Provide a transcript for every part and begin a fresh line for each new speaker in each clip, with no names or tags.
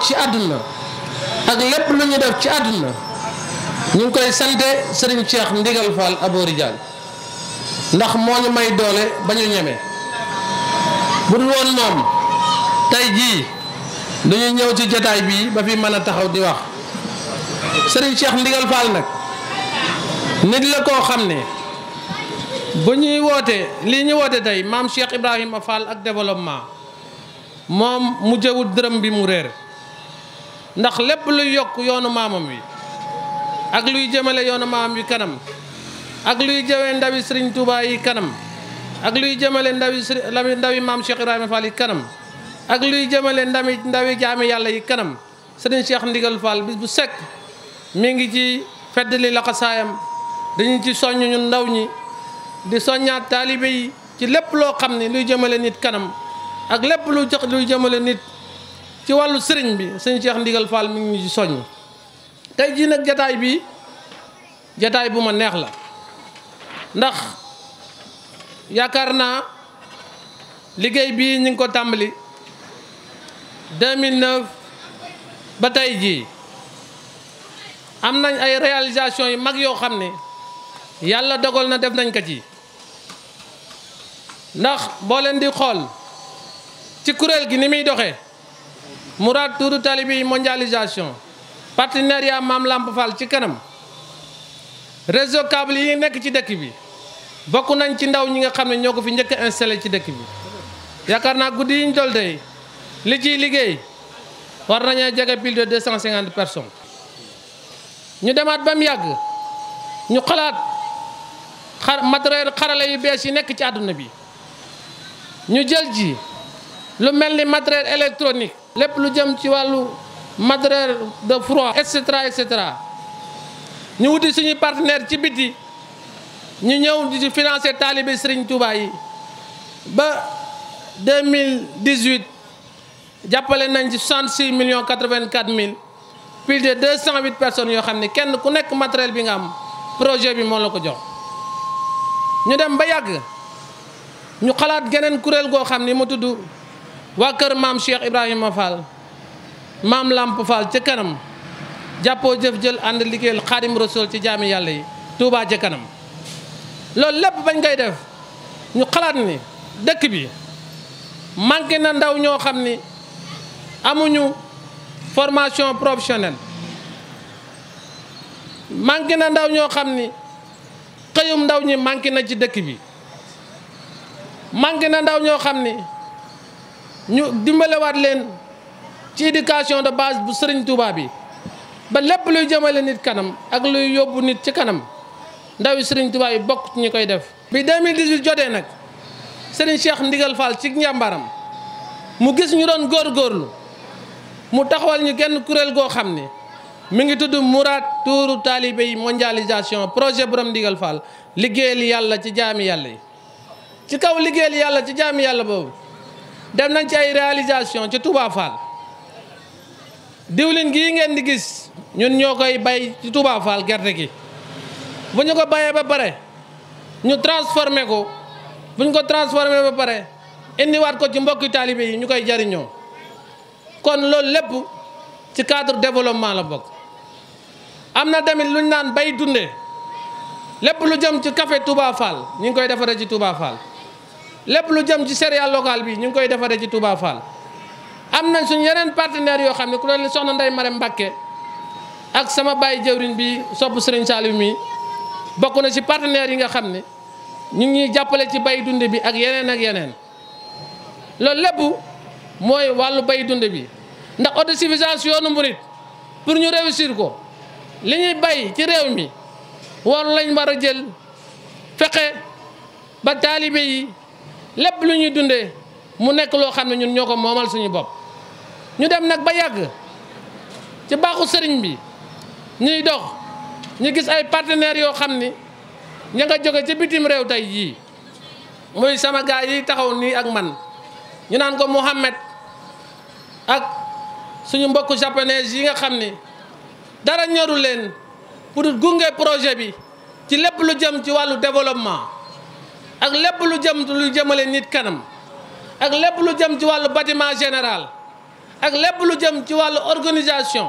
ci àdduna ak lépp lu ñu def ci àdduna ñu ngi koy sante sëriñ Cheikh Ndigal Fall Abou ndax moo ñu may doole ba ñu ñeme bu dul woon moom tey jii dañuy ñëw ci jataay bii ba fi mën a taxaw di wax sëriñ Cheikh Ndigal Fall nag nit la koo xam ne bu ñuy woote lii ñu woote tey maam Cheikh Ibrahima Fall ak développement moom mu jëwut dërëm bi mu réer ndax lépp luy yokk yoonu maamam wi ak luy jëmale yoonu maamam wi kanam ak luy jëwee ndawi Serigne Touba yi kanam ak luy jëmale ndawi Serigne ndawi maam Cheikh Ibrahima Fall yi kanam ak luy jëmale ndami ndawi jaami yàlla yi kanam Serigne Cheikh Ndigal Fall bis bu sekk mi ngi ci feddali laxasaayam dañu ci soññ ñun ndaw ñi di soññaat taalibe yi ci lépp loo xam ne luy jëmale nit kanam ak lépp lu jox luy jëmale nit ci wàllu sëriñ bi sëñ Cheikh Ndigal Fall mu ngi ñu ci soññ tey jii nag jataay bii jataay bu ma neex la ndax yaakaar naa liggéey bii ñu ngi ko tàmbali 2009 ba tey jii am nañ ay réalisation yu mag yoo xam ne yàlla dogal na def nañ ko ci ndax boo leen di xool ci kuréel gi ni muy doxee Mourad Touré Talibi mondialisation partenariat Maam Lamp Fall ci kanam réseau câble yi nekk ci dëkk bi bokk nañ ci ndaw ñi nga xam ne ñoo ko fi njëkk a installé ci dëkk bi yaakaar naa guddi yi ñu dol tey li ciy liggéey war nañoo jege pile de deux cent cinquante personnes ñu demaat ba mu yàgg ñu xalaat xar matériel xarala yu bees yi nekk ci àdduna bi ñu jël ji. lu mel ni matériel électronique lépp lu jëm ci wàllu matériel de froid et cetera et ñu wuti suñu partenaire ci biti ñu ñëw di ci financer taalibe Serigne Touba yi ba 2018 jàppale nañ ci 66 vingt 84 mille plus de 208 personnes yoo xam ni kenn ku nekk matériel bi nga am projet bi moo la ko jox ñu dem ba yàgg ñu xalaat geneen kuréel goo xam ni mu tudd waa kër maam Cheikh Ibrahima Fall maam Lamp Fall ca kanam jàppoo jëf-jël ànd liggéeyal xaadim rasul ci jaami yàlla yi Touba ca kanam loolu lépp bañ koy def ñu xalaat ni dëkk bi manqué na ndaw ñoo xam ni amuñu formation professionnelle manqué na ndaw ñoo xam ni xëyum ndaw ñi manqué na ci dëkk bi manqué na ndaw ñoo xam ni ñu dimbalewaat leen ci éducation de base bu sëriñ Touba yi ba lépp luy jëmale nit kanam ak luy yóbbu nit ci kanam ndawi sëriñ Touba yi bokk ci ñi koy def. bi 2018 jotee nag sëriñ Cheikh Ndigal Fall ci njàmbaram mu gis ñu doon góorgóorlu mu taxawal ñu genn kuréel goo xam ne mu ngi tudd Mourad tuuru taalibe yi mondialisation projet borom Ndigal Fall liggéeyal yàlla ci jaami yàlla yi ci kaw liggéeyal yàlla ci jaami yàlla boobu. dem nañ ci ay réalisation ci Touba Fall diwlin gii ngeen di gis ñun ñoo koy bay ci Touba gerte gi bu ñu ko bayee ba pare ñu transformé ko bu ñu ko transformé ba pare indiwaat ko ci mbokki taalibe yi ñu koy jariñoo kon loolu lépp ci cadre développement la bokk am na tamit lu ñu naan bay dundee lépp lu jëm ci café Touba Fall ñu ngi koy defaree ci Touba Fall lépp lu jëm ci céréale locale bi ñu ngi koy defaree ci Touba Fall. am nañ suñ yeneen partenaires yoo xam ne ku leen soxna Ndeye Marème Mbacké ak sama bàyyi jëwriñ bi sopp Serigne Saliou mi bokk na ci partenaires yi nga xam ne ñu ngi jàppale ci bay dunde bi ak yeneen ak yeneen loolu lépp mooy wàllu bay dunde bi ndax autosuffisance yoonu murit pour ñu réussir ko li ñuy bay ci réew mi war lañ war a jël fexe ba taalibe yi lépp lu ñuy dundee mu nekk loo xam ne ñun ñoo ko moomal suñu bopp ñu dem nag ba yàgg ci baaxu sëriñ bi ñuy dox ñu gis ay partenaires yoo xam ni ña nga jóge ci bitim réew tey yii muy sama gaay yi taxaw nii ak man ñu naan ko Mouhamed ak suñu mbokku japonais yi nga xam ni dara ñoru leen pour gunge projet bi ci lépp lu jëm ci wàllu développement ak lépp lu jëm lu jëmale nit kanam ak lépp lu jëm ci wàllu bâtiment général ak lépp lu jëm ci wàllu organisation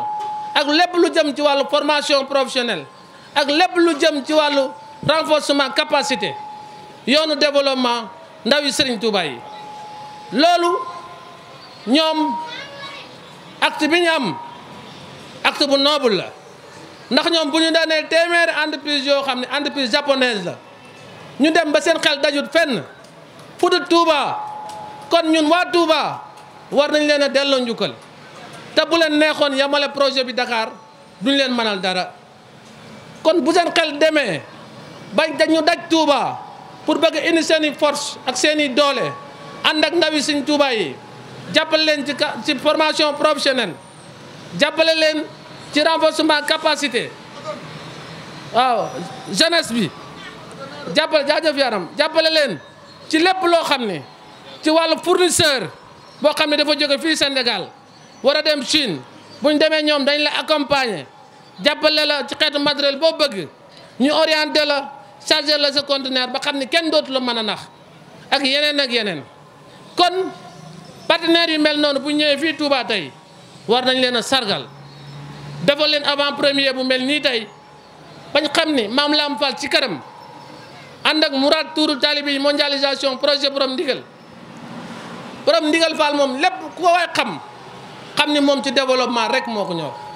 ak lépp lu jëm ci wàllu formation professionnelle ak lépp lu jëm ci wàllu renforcement capacité yoonu développement ndaw Serigne Touba yi loolu ñoom acte bi ñu am acte bu noble la ndax ñoom bu ñu daanee téeméeri entreprise yoo xam ne entreprise japonaise la ñu dem ba seen xel dajut fenn fu dul Touba kon ñun waa Touba war nañ leen a delloo njukkal te bu leen neexoon yamale projet bi Dakar duñ leen mënal dara kon bu seen xel demee bañ dañu daj Touba pour bëgg indi seen i force ak seen i doole ànd ak ndawi suñ Touba yi jàppale leen ci ci formation professionnelle jàppale leen ci renforcement capacité waaw jeunesse bi jàppale jaajëf yaram jàppale leen ci lépp loo xam ne ci wàllu fournisseur boo xam ne dafa jóge fii Sénégal war a dem Chine buñ demee ñoom dañ la accompagner jàppale la ci xeetu matériel boo bëgg ñu orienté la chargé la sa conteneur ba xam ne kenn dootu la mën a nax ak yeneen ak yeneen kon partenaires yu mel noonu bu ñëwee fii Touba tey war nañ leen a sargal dafa leen avant premier bu mel nii tey bañ xam ni maam Lam Fall ci këram ànd ak Mourad Tourou Talibi mondialisation projet borom ndigal borom ndigal Fall moom lépp ku ko xam xam ni moom ci développement rek moo ko ñëw